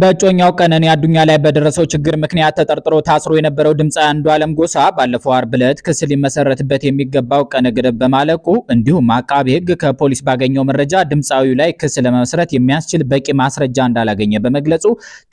በእጮኛው ቀነኒ አዱኛ ላይ በደረሰው ችግር ምክንያት ተጠርጥሮ ታስሮ የነበረው ድምፃዊ አንዱዓለም ጎሳ ባለፈው አርብ ዕለት ክስ ሊመሰረትበት የሚገባው ቀነ ገደብ በማለቁ እንዲሁም አቃቤ ሕግ ከፖሊስ ባገኘው መረጃ ድምፃዊው ላይ ክስ ለመመስረት የሚያስችል በቂ ማስረጃ እንዳላገኘ በመግለጹ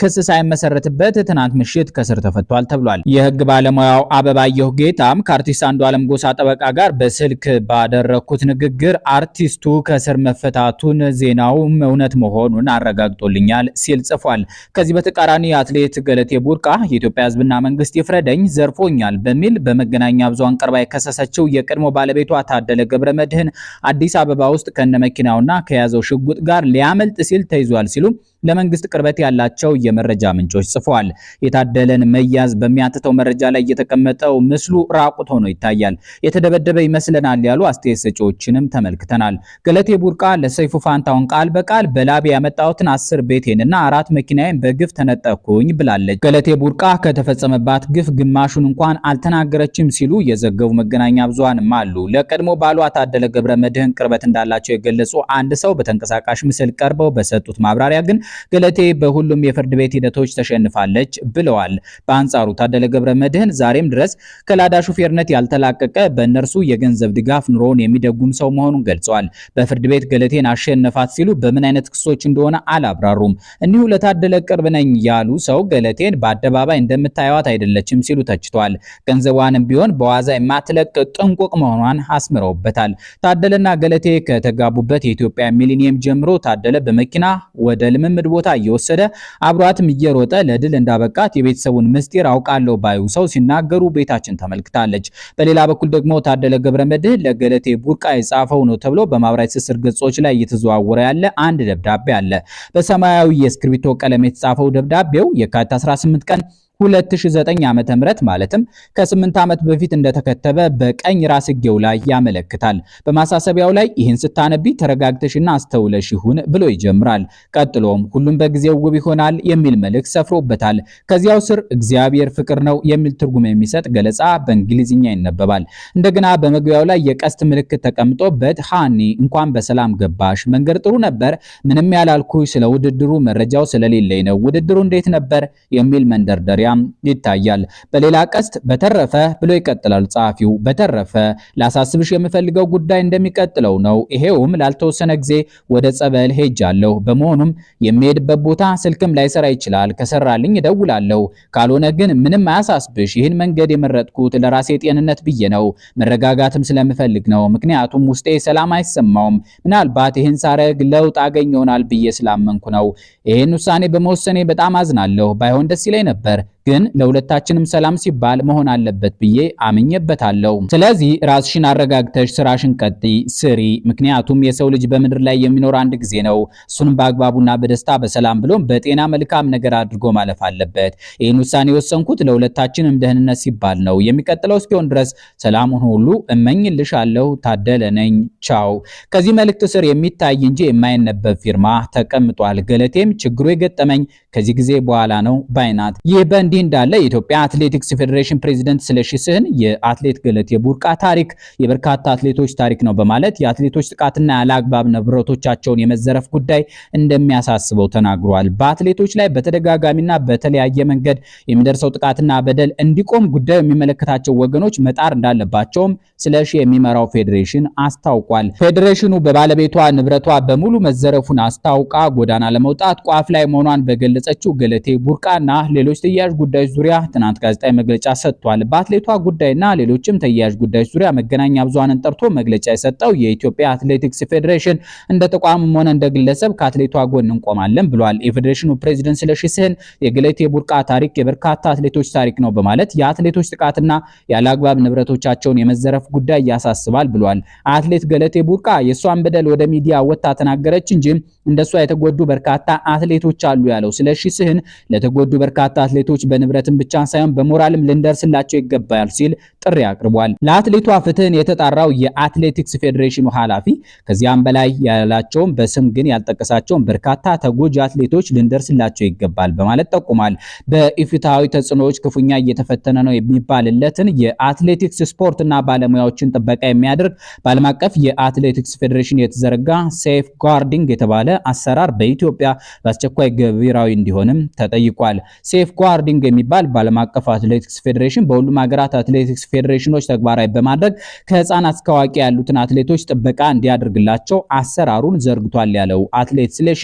ክስ ሳይመሰረትበት ትናንት ምሽት ከስር ተፈቷል ተብሏል። የህግ ባለሙያው አበባየሁ ጌታም ከአርቲስት አንዱዓለም ጎሳ ጠበቃ ጋር በስልክ ባደረኩት ንግግር አርቲስቱ ከስር መፈታቱን ዜናውም እውነት መሆኑን አረጋግጦልኛል ሲል ጽፏል። ከዚህ በተቃራኒ አትሌት ገለቴ ቡርቃ የኢትዮጵያ ህዝብና መንግስት ይፍረደኝ ዘርፎኛል በሚል በመገናኛ ብዙሃን ቀርባ የከሰሰችው የቀድሞ ባለቤቷ ታደለ ገብረ መድህን አዲስ አበባ ውስጥ ከነመኪናውና ከያዘው ሽጉጥ ጋር ሊያመልጥ ሲል ተይዟል ሲሉ ለመንግስት ቅርበት ያላቸው የመረጃ ምንጮች ጽፈዋል። የታደለን መያዝ በሚያትተው መረጃ ላይ የተቀመጠው ምስሉ ራቁት ሆኖ ይታያል። የተደበደበ ይመስለናል ያሉ አስተያየት ሰጪዎችንም ተመልክተናል። ገለቴ ቡርቃ ለሰይፉ ፋንታውን ቃል በቃል በላቤ ያመጣሁትን አስር ቤቴንና አራት መኪና ጓደኛዬን በግፍ ተነጠኩኝ ብላለች። ገለቴ ቡርቃ ከተፈጸመባት ግፍ ግማሹን እንኳን አልተናገረችም ሲሉ የዘገቡ መገናኛ ብዙሃንም አሉ። ለቀድሞ ባሏ ታደለ ገብረ መድህን ቅርበት እንዳላቸው የገለጹ አንድ ሰው በተንቀሳቃሽ ምስል ቀርበው በሰጡት ማብራሪያ ግን ገለቴ በሁሉም የፍርድ ቤት ሂደቶች ተሸንፋለች ብለዋል። በአንጻሩ ታደለ ገብረ መድህን ዛሬም ድረስ ከላዳ ሹፌርነት ያልተላቀቀ በእነርሱ የገንዘብ ድጋፍ ኑሮውን የሚደጉም ሰው መሆኑን ገልጸዋል። በፍርድ ቤት ገለቴን አሸነፋት ሲሉ በምን አይነት ክሶች እንደሆነ አላብራሩም። እንዲሁ ለታደለ ትልቅ ቅርብ ነኝ ያሉ ሰው ገለቴን በአደባባይ እንደምታየዋት አይደለችም ሲሉ ተችቷል። ገንዘቧንም ቢሆን በዋዛ የማትለቅ ጥንቁቅ መሆኗን አስምረውበታል። ታደለና ገለቴ ከተጋቡበት የኢትዮጵያ ሚሊኒየም ጀምሮ ታደለ በመኪና ወደ ልምምድ ቦታ እየወሰደ አብሯትም እየሮጠ ለድል እንዳበቃት የቤተሰቡን ምስጢር አውቃለሁ ባዩ ሰው ሲናገሩ ቤታችን ተመልክታለች። በሌላ በኩል ደግሞ ታደለ ገብረመድህ ለገለቴ ቡርቃ የጻፈው ነው ተብሎ በማህበራዊ ትስስር ገጾች ላይ እየተዘዋወረ ያለ አንድ ደብዳቤ አለ። በሰማያዊ የእስክሪብቶ ቀለም የተጻፈው ደብዳቤው የካቲት 18 ቀን 2009 ዓመተ ማለትም ከ8 ዓመት በፊት እንደተከተበ በቀኝ ራስጌው ላይ ያመለክታል። በማሳሰቢያው ላይ ይህን ስታነቢ ተረጋግተሽና አስተውለሽ ይሁን ብሎ ይጀምራል። ቀጥሎም ሁሉም በጊዜው ውብ ይሆናል የሚል መልእክት ሰፍሮበታል። ከዚያው ስር እግዚአብሔር ፍቅር ነው የሚል ትርጉም የሚሰጥ ገለጻ በእንግሊዝኛ ይነበባል። እንደገና በመግቢያው ላይ የቀስት ምልክት ተቀምጦበት ሃኒ እንኳን በሰላም ገባሽ፣ መንገድ ጥሩ ነበር። ምንም ያላልኩ ስለ ውድድሩ መረጃው ስለሌለኝ ነው። ውድድሩ እንዴት ነበር የሚል መንደርደሪያ መሳሪያም ይታያል። በሌላ ቀስት በተረፈ ብሎ ይቀጥላል ጸሐፊው። በተረፈ ላሳስብሽ የምፈልገው ጉዳይ እንደሚቀጥለው ነው። ይሄውም ላልተወሰነ ጊዜ ወደ ጸበል ሄጃለሁ። በመሆኑም የሚሄድበት ቦታ ስልክም ላይሰራ ይችላል። ከሰራልኝ እደውላለሁ። ካልሆነ ግን ምንም አያሳስብሽ። ይህን መንገድ የመረጥኩት ለራሴ ጤንነት ብዬ ነው። መረጋጋትም ስለምፈልግ ነው። ምክንያቱም ውስጤ ሰላም አይሰማውም። ምናልባት ይህን ሳረግ ለውጥ አገኝ ይሆናል ብዬ ስላመንኩ ነው። ይህን ውሳኔ በመወሰኔ በጣም አዝናለሁ። ባይሆን ደስ ይለኝ ነበር። ግን ለሁለታችንም ሰላም ሲባል መሆን አለበት ብዬ አምኜበታለሁ። ስለዚህ ራስሽን አረጋግተሽ ስራሽን ቀጥይ፣ ስሪ። ምክንያቱም የሰው ልጅ በምድር ላይ የሚኖር አንድ ጊዜ ነው። እሱንም በአግባቡና በደስታ በሰላም ብሎም በጤና መልካም ነገር አድርጎ ማለፍ አለበት። ይህን ውሳኔ የወሰንኩት ለሁለታችንም ደህንነት ሲባል ነው። የሚቀጥለው እስኪሆን ድረስ ሰላሙን ሁሉ እመኝልሻለሁ። ታደለ ነኝ። ቻው። ከዚህ መልእክት ስር የሚታይ እንጂ የማይነበብ ፊርማ ተቀምጧል። ገለቴም ችግሩ የገጠመኝ ከዚህ ጊዜ በኋላ ነው ባይናት። ይህ በእንዲህ እንዲህ እንዳለ የኢትዮጵያ አትሌቲክስ ፌዴሬሽን ፕሬዚደንት ስለሺ ስህን የአትሌት ገለቴ ቡርቃ ታሪክ የበርካታ አትሌቶች ታሪክ ነው በማለት የአትሌቶች ጥቃትና ያለአግባብ ንብረቶቻቸውን የመዘረፍ ጉዳይ እንደሚያሳስበው ተናግሯል። በአትሌቶች ላይ በተደጋጋሚና በተለያየ መንገድ የሚደርሰው ጥቃትና በደል እንዲቆም ጉዳዩ የሚመለከታቸው ወገኖች መጣር እንዳለባቸውም ስለሺ የሚመራው ፌዴሬሽን አስታውቋል። ፌዴሬሽኑ በባለቤቷ ንብረቷ በሙሉ መዘረፉን አስታውቃ ጎዳና ለመውጣት ቋፍ ላይ መሆኗን በገለጸችው ገለቴ ቡርቃና ሌሎች ተያያዥ ጉዳይ ዙሪያ ትናንት ጋዜጣዊ መግለጫ ሰጥቷል። በአትሌቷ ጉዳይና ሌሎችም ተያያዥ ጉዳዮች ዙሪያ መገናኛ ብዙሃንን ጠርቶ መግለጫ የሰጠው የኢትዮጵያ አትሌቲክስ ፌዴሬሽን እንደ ተቋምም ሆነ እንደ ግለሰብ ከአትሌቷ ጎን እንቆማለን ብሏል። የፌዴሬሽኑ ፕሬዚደንት ስለሺ ስህን የገሌቴ ቡርቃ ታሪክ የበርካታ አትሌቶች ታሪክ ነው በማለት የአትሌቶች ጥቃትና ያለአግባብ ንብረቶቻቸውን የመዘረፍ ጉዳይ ያሳስባል ብሏል። አትሌት ገለቴ ቡርቃ የእሷን በደል ወደ ሚዲያ ወጥታ ተናገረች እንጂ እንደሷ የተጎዱ በርካታ አትሌቶች አሉ ያለው ስለሺ ስህን ለተጎዱ በርካታ አትሌቶች በንብረትም ብቻ ሳይሆን በሞራልም ልንደርስላቸው ይገባል ሲል ጥሪ አቅርቧል። ለአትሌቷ ፍትህን የተጣራው የአትሌቲክስ ፌዴሬሽኑ ኃላፊ ከዚያም በላይ ያላቸውም በስም ግን ያልጠቀሳቸውን በርካታ ተጎጂ አትሌቶች ልንደርስላቸው ይገባል በማለት ጠቁሟል። በኢፍትሃዊ ተጽዕኖዎች ክፉኛ እየተፈተነ ነው የሚባልለትን የአትሌቲክስ ስፖርትና ባለሙያዎችን ጥበቃ የሚያደርግ በዓለም አቀፍ የአትሌቲክስ ፌዴሬሽን የተዘረጋ ሴፍ ጋርዲንግ የተባለ አሰራር በኢትዮጵያ በአስቸኳይ ገቢራዊ እንዲሆንም ተጠይቋል። ሴፍ ጓርዲንግ የሚባል በዓለም አቀፍ አትሌቲክስ ፌዴሬሽን በሁሉም ሀገራት አትሌቲክስ ፌዴሬሽኖች ተግባራዊ በማድረግ ከህፃናት እስከ አዋቂ ያሉትን አትሌቶች ጥበቃ እንዲያደርግላቸው አሰራሩን ዘርግቷል ያለው አትሌት ስለሺ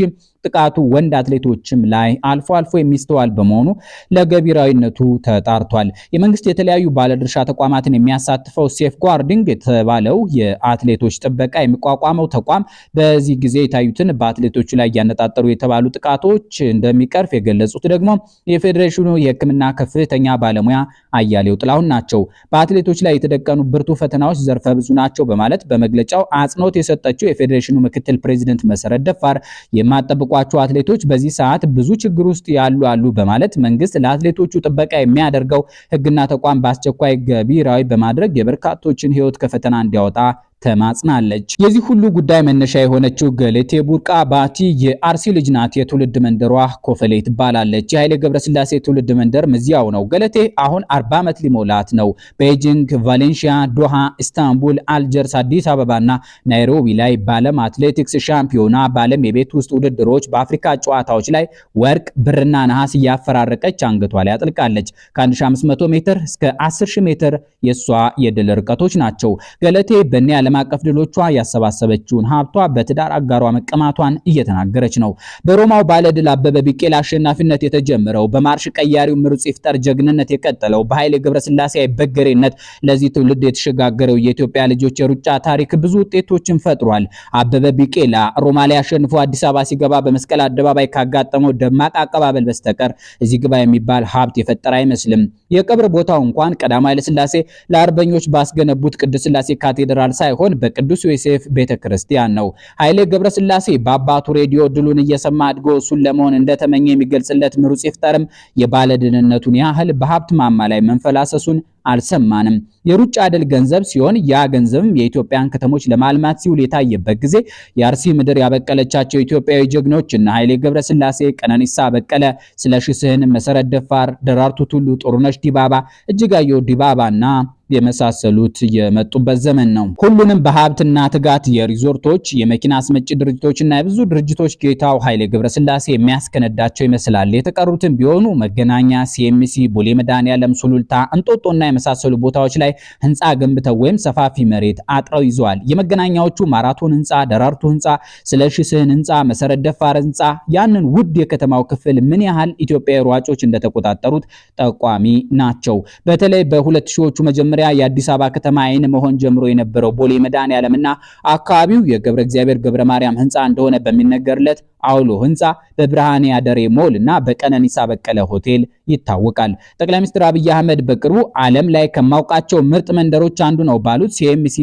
ጥቃቱ ወንድ አትሌቶችም ላይ አልፎ አልፎ የሚስተዋል በመሆኑ ለገቢራዊነቱ ተጣርቷል። የመንግስት የተለያዩ ባለድርሻ ተቋማትን የሚያሳትፈው ሴፍ ጓርዲንግ የተባለው የአትሌቶች ጥበቃ የሚቋቋመው ተቋም በዚህ ጊዜ የታዩትን በአትሌቶቹ ላይ እያነጣጠሩ የተባሉ ጥቃቶች እንደሚቀርፍ የገለጹት ደግሞ የፌዴሬሽኑ የሕክምና ከፍተኛ ባለሙያ አያሌው ጥላሁን ናቸው። በአትሌቶች ላይ የተደቀኑ ብርቱ ፈተናዎች ዘርፈ ብዙ ናቸው በማለት በመግለጫው አጽንኦት የሰጠችው የፌዴሬሽኑ ምክትል ፕሬዚደንት መሰረት ደፋር የማጠብቁ የሚጠብቋቸው አትሌቶች በዚህ ሰዓት ብዙ ችግር ውስጥ ያሉ አሉ በማለት መንግስት ለአትሌቶቹ ጥበቃ የሚያደርገው ህግና ተቋም በአስቸኳይ ገቢራዊ በማድረግ የበርካቶችን ህይወት ከፈተና እንዲያወጣ ተማጽናለች። የዚህ ሁሉ ጉዳይ መነሻ የሆነችው ገለቴ ቡርቃ ባቲ የአርሲ ልጅ ናት። የትውልድ መንደሯ ኮፈሌ ትባላለች። የኃይሌ ገብረስላሴ ትውልድ መንደር እዚያው ነው። ገለቴ አሁን 40 ዓመት ሊሞላት ነው። ቤጂንግ፣ ቫሌንሺያ፣ ዶሃ፣ ኢስታንቡል፣ አልጀርስ፣ አዲስ አበባና ናይሮቢ ላይ በዓለም አትሌቲክስ ሻምፒዮና፣ በዓለም የቤት ውስጥ ውድድሮች፣ በአፍሪካ ጨዋታዎች ላይ ወርቅ፣ ብርና ነሐስ እያፈራረቀች አንገቷ ላይ አጥልቃለች። ከ1500 ሜትር እስከ 10000 ሜትር የሷ የድል ርቀቶች ናቸው። ገለቴ በእኔ ዓለም ከዓለም አቀፍ ድሎቿ ያሰባሰበችውን ሀብቷ በትዳር አጋሯ መቀማቷን እየተናገረች ነው። በሮማው ባለድል አበበ ቢቄላ አሸናፊነት የተጀመረው በማርሽ ቀያሪው ምሩጽ ይፍጠር ጀግንነት የቀጠለው በኃይሌ ገብረስላሴ አይበገሬነት ለዚህ ትውልድ የተሸጋገረው የኢትዮጵያ ልጆች የሩጫ ታሪክ ብዙ ውጤቶችን ፈጥሯል። አበበ ቢቄላ ሮማ ላይ አሸንፎ አዲስ አበባ ሲገባ በመስቀል አደባባይ ካጋጠመው ደማቅ አቀባበል በስተቀር እዚህ ግባ የሚባል ሀብት የፈጠረ አይመስልም። የቀብር ቦታው እንኳን ቀዳማዊ ይለስላሴ ለአርበኞች ባስገነቡት ቅዱስ ስላሴ ካቴድራል ሳይሆን ሲሆን በቅዱስ ዮሴፍ ቤተክርስቲያን ነው። ኃይሌ ገብረስላሴ በአባቱ ሬዲዮ ድሉን እየሰማ አድጎ እሱን ለመሆን እንደተመኘ የሚገልጽለት ምሩጽ ይፍጠርም የባለድልነቱን ያህል በሀብት ማማ ላይ መንፈላሰሱን አልሰማንም። የሩጫ ድል ገንዘብ ሲሆን ያ ገንዘብም የኢትዮጵያን ከተሞች ለማልማት ሲውል የታየበት ጊዜ የአርሲ ምድር ያበቀለቻቸው ኢትዮጵያዊ ጀግኖች እና ኃይሌ ገብረስላሴ፣ ቀነኒሳ በቀለ፣ ስለሺ ስህን፣ መሰረት ደፋር፣ ደራርቱ ቱሉ፣ ጥሩነሽ ዲባባ፣ እጅጋየሁ ዲባባና የመሳሰሉት የመጡበት ዘመን ነው። ሁሉንም በሀብትና ትጋት የሪዞርቶች የመኪና አስመጪ ድርጅቶችና የብዙ ድርጅቶች ጌታው ኃይሌ ገብረስላሴ የሚያስከነዳቸው ይመስላል። የተቀሩትም ቢሆኑ መገናኛ፣ ሲኤምሲ፣ ቦሌ መድኃኔዓለም፣ ሱሉልታ፣ እንጦጦና የመሳሰሉ ቦታዎች ላይ ህንፃ ገንብተው ወይም ሰፋፊ መሬት አጥረው ይዘዋል። የመገናኛዎቹ ማራቶን ህንፃ፣ ደራርቱ ህንፃ፣ ስለሺ ስህን ህንፃ፣ መሰረት ደፋር ህንፃ ያንን ውድ የከተማው ክፍል ምን ያህል ኢትዮጵያዊ ሯጮች እንደተቆጣጠሩት ጠቋሚ ናቸው። በተለይ በሁለት ሺዎቹ መጀመሪያ የአዲስ አበባ ከተማ አይን መሆን ጀምሮ የነበረው ቦሌ መድኃኔዓለም እና አካባቢው የገብረ እግዚአብሔር ገብረ ማርያም ህንፃ እንደሆነ በሚነገርለት አውሎ ህንፃ በብርሃኔ አደሬ ሞል እና በቀነኒሳ በቀለ ሆቴል ይታወቃል። ጠቅላይ ሚኒስትር አብይ አህመድ በቅርቡ አለ ዓለም ላይ ከማውቃቸው ምርጥ መንደሮች አንዱ ነው ባሉት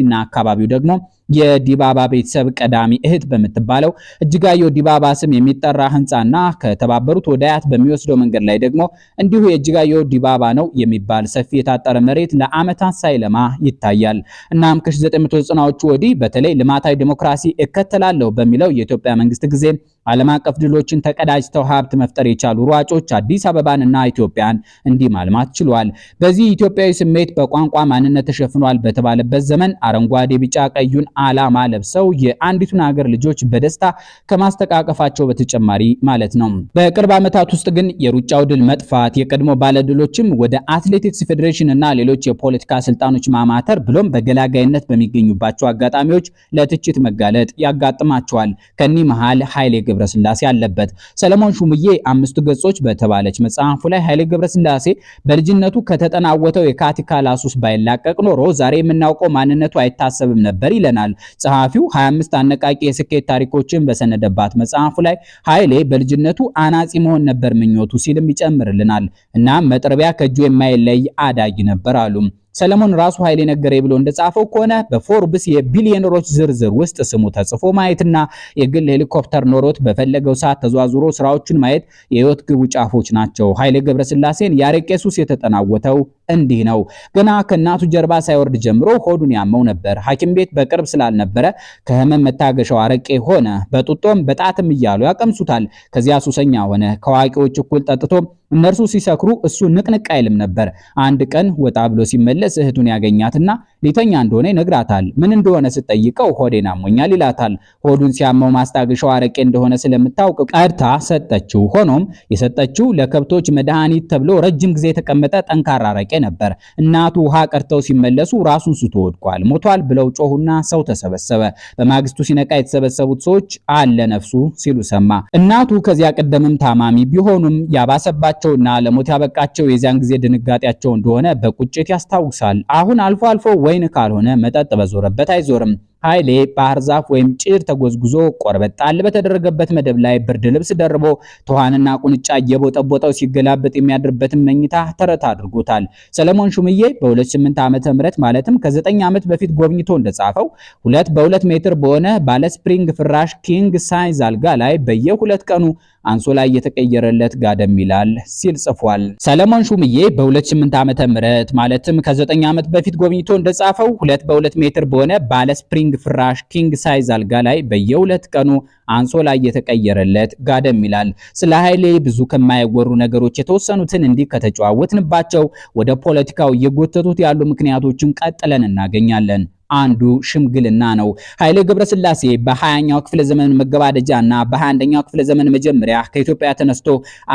እና አካባቢው ደግሞ የዲባባ ቤተሰብ ቀዳሚ እህት በምትባለው እጅጋየሁ ዲባባ ስም የሚጠራ ህንፃና ከተባበሩት ወዳያት በሚወስደው መንገድ ላይ ደግሞ እንዲሁ የእጅጋየሁ ዲባባ ነው የሚባል ሰፊ የታጠረ መሬት ለአመታት ሳይለማ ይታያል። እናም ከ1990ዎቹ ወዲህ በተለይ ልማታዊ ዲሞክራሲ እከተላለሁ በሚለው የኢትዮጵያ መንግስት ጊዜ ዓለም አቀፍ ድሎችን ተቀዳጅተው ሀብት መፍጠር የቻሉ ሯጮች አዲስ አበባንና ኢትዮጵያን እንዲህ ማልማት ችሏል። በዚህ ኢትዮጵያዊ ስሜት በቋንቋ ማንነት ተሸፍኗል በተባለበት ዘመን አረንጓዴ፣ ቢጫ፣ ቀዩን አላማ ለብሰው የአንዲቱን ሀገር ልጆች በደስታ ከማስተቃቀፋቸው በተጨማሪ ማለት ነው። በቅርብ ዓመታት ውስጥ ግን የሩጫው ድል መጥፋት የቀድሞ ባለድሎችም ወደ አትሌቲክስ ፌዴሬሽን እና ሌሎች የፖለቲካ ስልጣኖች ማማተር ብሎም በገላጋይነት በሚገኙባቸው አጋጣሚዎች ለትችት መጋለጥ ያጋጥማቸዋል። ከኒህ መሃል ኃይሌ ገብረስላሴ አለበት። ሰለሞን ሹምዬ አምስቱ ገጾች በተባለች መጽሐፉ ላይ ኃይሌ ገብረስላሴ በልጅነቱ ከተጠናወተው የካቲካላ ሱስ ባይላቀቅ ኖሮ ዛሬ የምናውቀው ማንነቱ አይታሰብም ነበር ይለናል። ይላል ጸሐፊው። 25 አነቃቂ የስኬት ታሪኮችን በሰነደባት መጽሐፉ ላይ ኃይሌ በልጅነቱ አናጺ መሆን ነበር ምኞቱ ሲልም ይጨምርልናል። እናም መጥረቢያ ከእጁ የማይለይ አዳጊ ነበር አሉ። ሰለሞን ራሱ ኃይሌ ነገሬ ብሎ እንደጻፈው ከሆነ በፎርብስ የቢሊዮነሮች ዝርዝር ውስጥ ስሙ ተጽፎ ማየትና የግል ሄሊኮፕተር ኖሮት በፈለገው ሰዓት ተዟዙሮ ስራዎቹን ማየት የህይወት ግቡ ጫፎች ናቸው። ኃይሌ ገብረስላሴን ያሬቄሱስ የተጠናወተው እንዲህ ነው። ገና ከእናቱ ጀርባ ሳይወርድ ጀምሮ ሆዱን ያመው ነበር። ሐኪም ቤት በቅርብ ስላልነበረ ከህመም መታገሻው አረቄ ሆነ። በጡጦም በጣትም እያሉ ያቀምሱታል። ከዚያ ሱሰኛ ሆነ። ከአዋቂዎች እኩል ጠጥቶ እነርሱ ሲሰክሩ እሱ ንቅንቅ አይልም ነበር። አንድ ቀን ወጣ ብሎ ሲመለስ እህቱን ያገኛትና ሊተኛ እንደሆነ ይነግራታል። ምን እንደሆነ ስጠይቀው ሆዴን አሞኛል ይላታል። ሆዱን ሲያመው ማስታገሻው አረቄ እንደሆነ ስለምታውቅ ቀድታ ሰጠችው። ሆኖም የሰጠችው ለከብቶች መድኃኒት ተብሎ ረጅም ጊዜ የተቀመጠ ጠንካራ አረቄ ነበር። እናቱ ውሃ ቀርተው ሲመለሱ ራሱን ስቶ ወድቋል። ሞቷል ብለው ጮሁና ሰው ተሰበሰበ። በማግስቱ ሲነቃ የተሰበሰቡት ሰዎች አለ ነፍሱ ሲሉ ሰማ። እናቱ ከዚያ ቀደምም ታማሚ ቢሆኑም ያባሰባቸውና ለሞት ያበቃቸው የዚያን ጊዜ ድንጋጤያቸው እንደሆነ በቁጭት ያስታውሳል። አሁን አልፎ አልፎ ወይን ካልሆነ መጠጥ በዞረበት አይዞርም። ኃይሌ ባህር ዛፍ ወይም ጭድ ተጎዝጉዞ ቆርበት ጣል በተደረገበት መደብ ላይ ብርድ ልብስ ደርቦ ትኋንና ቁንጫ እየቦጠቦጠው ሲገላበጥ የሚያድርበትን መኝታ ተረት አድርጎታል። ሰለሞን ሹምዬ በ 28 ዓመተ ምህረት ማለትም ከ9 ዓመት በፊት ጎብኝቶ እንደጻፈው ሁለት በሁለት ሜትር በሆነ ባለ ስፕሪንግ ፍራሽ ኪንግ ሳይዝ አልጋ ላይ በየሁለት ቀኑ አንሶላ እየተቀየረለት ጋደም ይላል ሲል ጽፏል። ሰለሞን ሹምዬ በ2008 ዓመተ ምህረት ማለትም ከ9 ዓመት በፊት ጎብኝቶ እንደጻፈው ሁለት በሁለት ሜትር በሆነ ባለ ስፕሪንግ ፍራሽ ኪንግ ሳይዝ አልጋ ላይ በየሁለት ቀኑ አንሶላ እየተቀየረለት ጋደም ይላል። ስለ ኃይሌ ብዙ ከማይወሩ ነገሮች የተወሰኑትን እንዲህ ከተጨዋወትንባቸው ወደ ፖለቲካው እየጎተቱት ያሉ ምክንያቶችን ቀጥለን እናገኛለን። አንዱ ሽምግልና ነው። ኃይሌ ገብረስላሴ በ20ኛው ክፍለ ዘመን መገባደጃና በ21ኛው ክፍለ ዘመን መጀመሪያ ከኢትዮጵያ ተነስቶ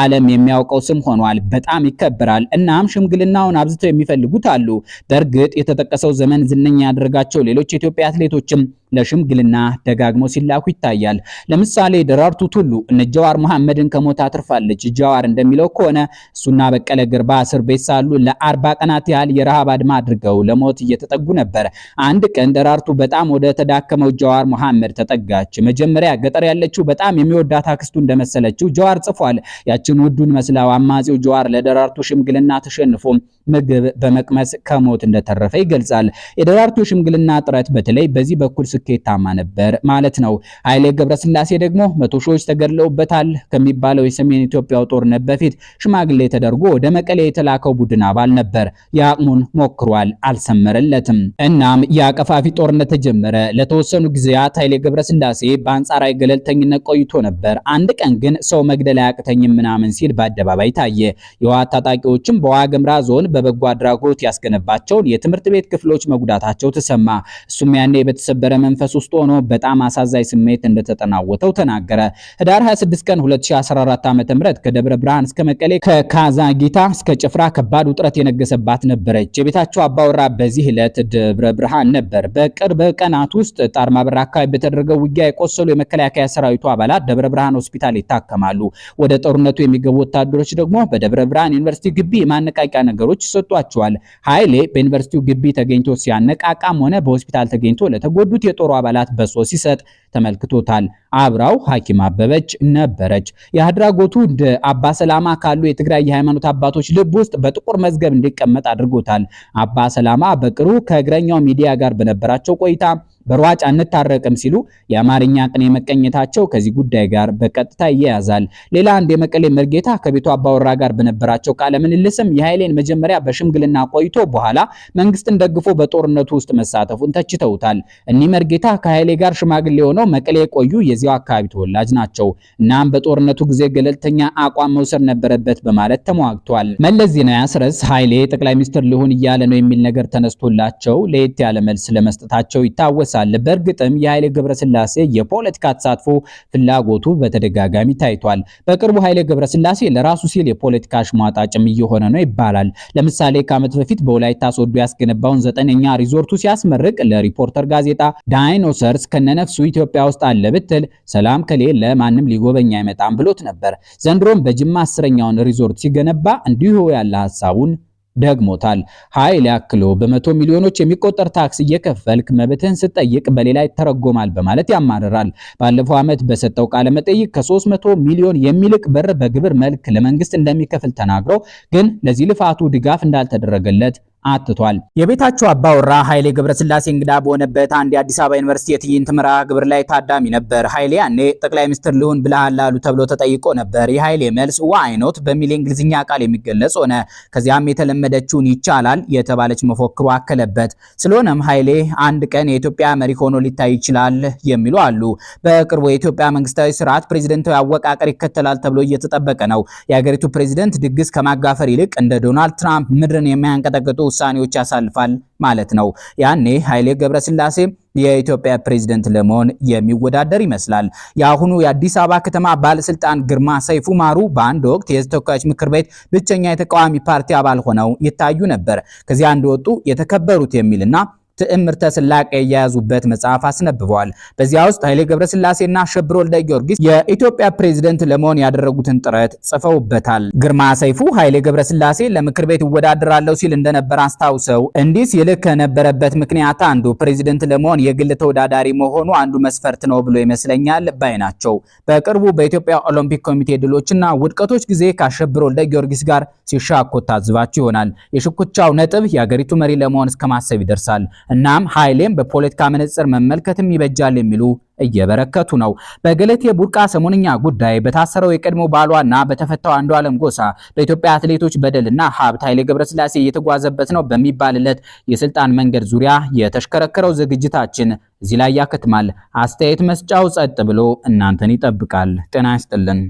ዓለም የሚያውቀው ስም ሆኗል። በጣም ይከበራል። እናም ሽምግልናውን አብዝተው የሚፈልጉት አሉ። በእርግጥ የተጠቀሰው ዘመን ዝነኛ ያደረጋቸው ሌሎች የኢትዮጵያ አትሌቶችም ለሽምግልና ደጋግሞ ሲላኩ ይታያል። ለምሳሌ ደራርቱ ቱሉ እነ ጀዋር መሐመድን ከሞት አትርፋለች። ጀዋር እንደሚለው ከሆነ እሱና በቀለ ገርባ እስር ቤት ሳሉ ለአርባ ቀናት ያህል የረሃብ አድማ አድርገው ለሞት እየተጠጉ ነበር። አንድ ቀን ደራርቱ በጣም ወደ ተዳከመው ጀዋር መሐመድ ተጠጋች። መጀመሪያ ገጠር ያለችው በጣም የሚወዳት አክስቱ እንደመሰለችው ጀዋር ጽፏል። ያችን ውዱን መስላው አማጺው ጀዋር ለደራርቱ ሽምግልና ተሸንፎ ምግብ በመቅመስ ከሞት እንደተረፈ ይገልጻል። የደራርቱ ሽምግልና ጥረት በተለይ በዚህ በኩል ስኬታማ ነበር ማለት ነው። ኃይሌ ገብረስላሴ ደግሞ መቶ ሺዎች ተገድለውበታል ከሚባለው የሰሜን ኢትዮጵያው ጦርነት በፊት ሽማግሌ ተደርጎ ወደ መቀሌ የተላከው ቡድን አባል ነበር። የአቅሙን ሞክሯል፣ አልሰመረለትም። እናም የአቀፋፊ ጦርነት ተጀመረ። ለተወሰኑ ጊዜያት ኃይሌ ገብረስላሴ በአንጻራዊ ገለልተኝነት ቆይቶ ነበር። አንድ ቀን ግን ሰው መግደል አያቅተኝም ምናምን ሲል በአደባባይ ታየ። የህወሓት ታጣቂዎችም በዋግምራ ዞን በበጎ አድራጎት ያስገነባቸውን የትምህርት ቤት ክፍሎች መጉዳታቸው ተሰማ። እሱም ያኔ በተሰበረ መንፈስ ውስጥ ሆኖ በጣም አሳዛኝ ስሜት እንደተጠናወተው ተናገረ። ህዳር 26 ቀን 2014 ዓ.ም ከደብረ ብርሃን እስከ መቀሌ ከካዛ ጊታ እስከ ጭፍራ ከባድ ውጥረት የነገሰባት ነበረች። የቤታቸው አባወራ በዚህ ዕለት ደብረ ብርሃን ነበር። በቅርብ ቀናት ውስጥ ጣርማ በር አካባቢ በተደረገው ውጊያ የቆሰሉ የመከላከያ ሰራዊቱ አባላት ደብረ ብርሃን ሆስፒታል ይታከማሉ። ወደ ጦርነቱ የሚገቡ ወታደሮች ደግሞ በደብረ ብርሃን ዩኒቨርሲቲ ግቢ የማነቃቂያ ነገሮች ሰጥቷቸዋል። ኃይሌ በዩኒቨርሲቲው ግቢ ተገኝቶ ሲያነቃቃም ሆነ በሆስፒታል ተገኝቶ ለተጎዱት የጦሩ አባላት በሶ ሲሰጥ ተመልክቶታል። አብራው ሐኪም አበበች ነበረች። የአድራጎቱ እንደ አባ ሰላማ ካሉ የትግራይ የሃይማኖት አባቶች ልብ ውስጥ በጥቁር መዝገብ እንዲቀመጥ አድርጎታል። አባ ሰላማ በቅሩ ከእግረኛው ሚዲያ ጋር በነበራቸው ቆይታ በሯጭ አንታረቅም ሲሉ የአማርኛ ቅኔ መቀኘታቸው ከዚህ ጉዳይ ጋር በቀጥታ ይያያዛል። ሌላ አንድ የመቀሌ መርጌታ ከቤቱ አባወራ ጋር በነበራቸው ቃለ ምልልስም የኃይሌን መጀመሪያ በሽምግልና ቆይቶ በኋላ መንግስትን ደግፎ በጦርነቱ ውስጥ መሳተፉን ተችተውታል። እኒህ መርጌታ ከኃይሌ ጋር ሽማግሌ ሆነው መቀሌ የቆዩ የዚ የዚያው አካባቢ ተወላጅ ናቸው። እናም በጦርነቱ ጊዜ ገለልተኛ አቋም መውሰድ ነበረበት በማለት ተሟግቷል። መለስ ዜናዊ አስረስ ኃይሌ ጠቅላይ ሚኒስትር ሊሆን እያለ ነው የሚል ነገር ተነስቶላቸው ለየት ያለ መልስ ለመስጠታቸው ይታወሳል። በእርግጥም የኃይሌ ገብረስላሴ የፖለቲካ ተሳትፎ ፍላጎቱ በተደጋጋሚ ታይቷል። በቅርቡ ኃይሌ ገብረስላሴ ለራሱ ሲል የፖለቲካ አሽሟጣጭም እየሆነ ነው ይባላል። ለምሳሌ ከዓመት በፊት በወላይታ ሶዶ ያስገነባውን ዘጠነኛ ሪዞርቱ ሲያስመርቅ ለሪፖርተር ጋዜጣ ዳይኖሰርስ ከነነፍሱ ኢትዮጵያ ውስጥ አለ ብትል ሰላም ከሌለ ማንም ሊጎበኝ አይመጣም ብሎት ነበር። ዘንድሮም በጅማ አስረኛውን ሪዞርት ሲገነባ እንዲሁ ያለ ሐሳቡን ደግሞታል። ኃይል ያክሎ በመቶ ሚሊዮኖች የሚቆጠር ታክስ እየከፈልክ መብትህን ስጠይቅ በሌላ ይተረጎማል በማለት ያማርራል። ባለፈው ዓመት በሰጠው ቃለ መጠይቅ ከ300 ሚሊዮን የሚልቅ ብር በግብር መልክ ለመንግስት እንደሚከፍል ተናግሮ ግን ለዚህ ልፋቱ ድጋፍ እንዳልተደረገለት አትቷል። የቤታቸው አባወራ ኃይሌ ገብረስላሴ እንግዳ በሆነበት አንድ የአዲስ አበባ ዩኒቨርሲቲ የትዕይንት መርሃ ግብር ላይ ታዳሚ ነበር። ኃይሌ ያኔ ጠቅላይ ሚኒስትር ልሁን ብለሃል ላሉ ተብሎ ተጠይቆ ነበር። የኃይሌ መልስ ዋ አይኖት በሚል የእንግሊዝኛ ቃል የሚገለጽ ሆነ። ከዚያም የተለመደችውን ይቻላል የተባለች መፎክሮ አከለበት። ስለሆነም ኃይሌ አንድ ቀን የኢትዮጵያ መሪ ሆኖ ሊታይ ይችላል የሚሉ አሉ። በቅርቡ የኢትዮጵያ መንግስታዊ ስርዓት ፕሬዚደንታዊ አወቃቀር ይከተላል ተብሎ እየተጠበቀ ነው። የሀገሪቱ ፕሬዚደንት ድግስ ከማጋፈር ይልቅ እንደ ዶናልድ ትራምፕ ምድርን የሚያንቀጠቅጡ ውሳኔዎች ያሳልፋል ማለት ነው። ያኔ ኃይሌ ገብረስላሴ የኢትዮጵያ ፕሬዝደንት ለመሆን የሚወዳደር ይመስላል። የአሁኑ የአዲስ አበባ ከተማ ባለስልጣን ግርማ ሰይፉ ማሩ በአንድ ወቅት የተወካዮች ተወካዮች ምክር ቤት ብቸኛ የተቃዋሚ ፓርቲ አባል ሆነው ይታዩ ነበር። ከዚያ እንደወጡ የተከበሩት የሚልና ትዕምርተ ስላቄ የያዙበት መጽሐፍ አስነብበዋል። በዚያ ውስጥ ኃይሌ ገብረስላሴና አሸብር ወልደ ጊዮርጊስ የኢትዮጵያ ፕሬዝደንት ለመሆን ያደረጉትን ጥረት ጽፈውበታል። ግርማ ሰይፉ ኃይሌ ገብረስላሴ ለምክር ቤት እወዳደራለሁ ሲል እንደነበር አስታውሰው እንዲህ ሲል ከነበረበት ምክንያት አንዱ ፕሬዝደንት ለመሆን የግል ተወዳዳሪ መሆኑ አንዱ መስፈርት ነው ብሎ ይመስለኛል ባይ ናቸው። በቅርቡ በኢትዮጵያ ኦሎምፒክ ኮሚቴ ድሎችና ውድቀቶች ጊዜ ከአሸብር ወልደ ጊዮርጊስ ጋር ሲሻኮት ታዝባችሁ ይሆናል። የሽኩቻው ነጥብ የአገሪቱ መሪ ለመሆን እስከ ማሰብ ይደርሳል። እናም ኃይሌም በፖለቲካ መነጽር መመልከትም ይበጃል የሚሉ እየበረከቱ ነው። በገለቴ ቡርቃ ሰሞንኛ ጉዳይ በታሰረው የቀድሞ ባሏና በተፈታው አንዱዓለም ጎሳ በኢትዮጵያ አትሌቶች በደልና ሀብት ኃይሌ ገብረስላሴ እየተጓዘበት ነው በሚባልለት የስልጣን መንገድ ዙሪያ የተሽከረከረው ዝግጅታችን እዚህ ላይ ያከትማል። አስተያየት መስጫው ጸጥ ብሎ እናንተን ይጠብቃል። ጤና ይስጥልን።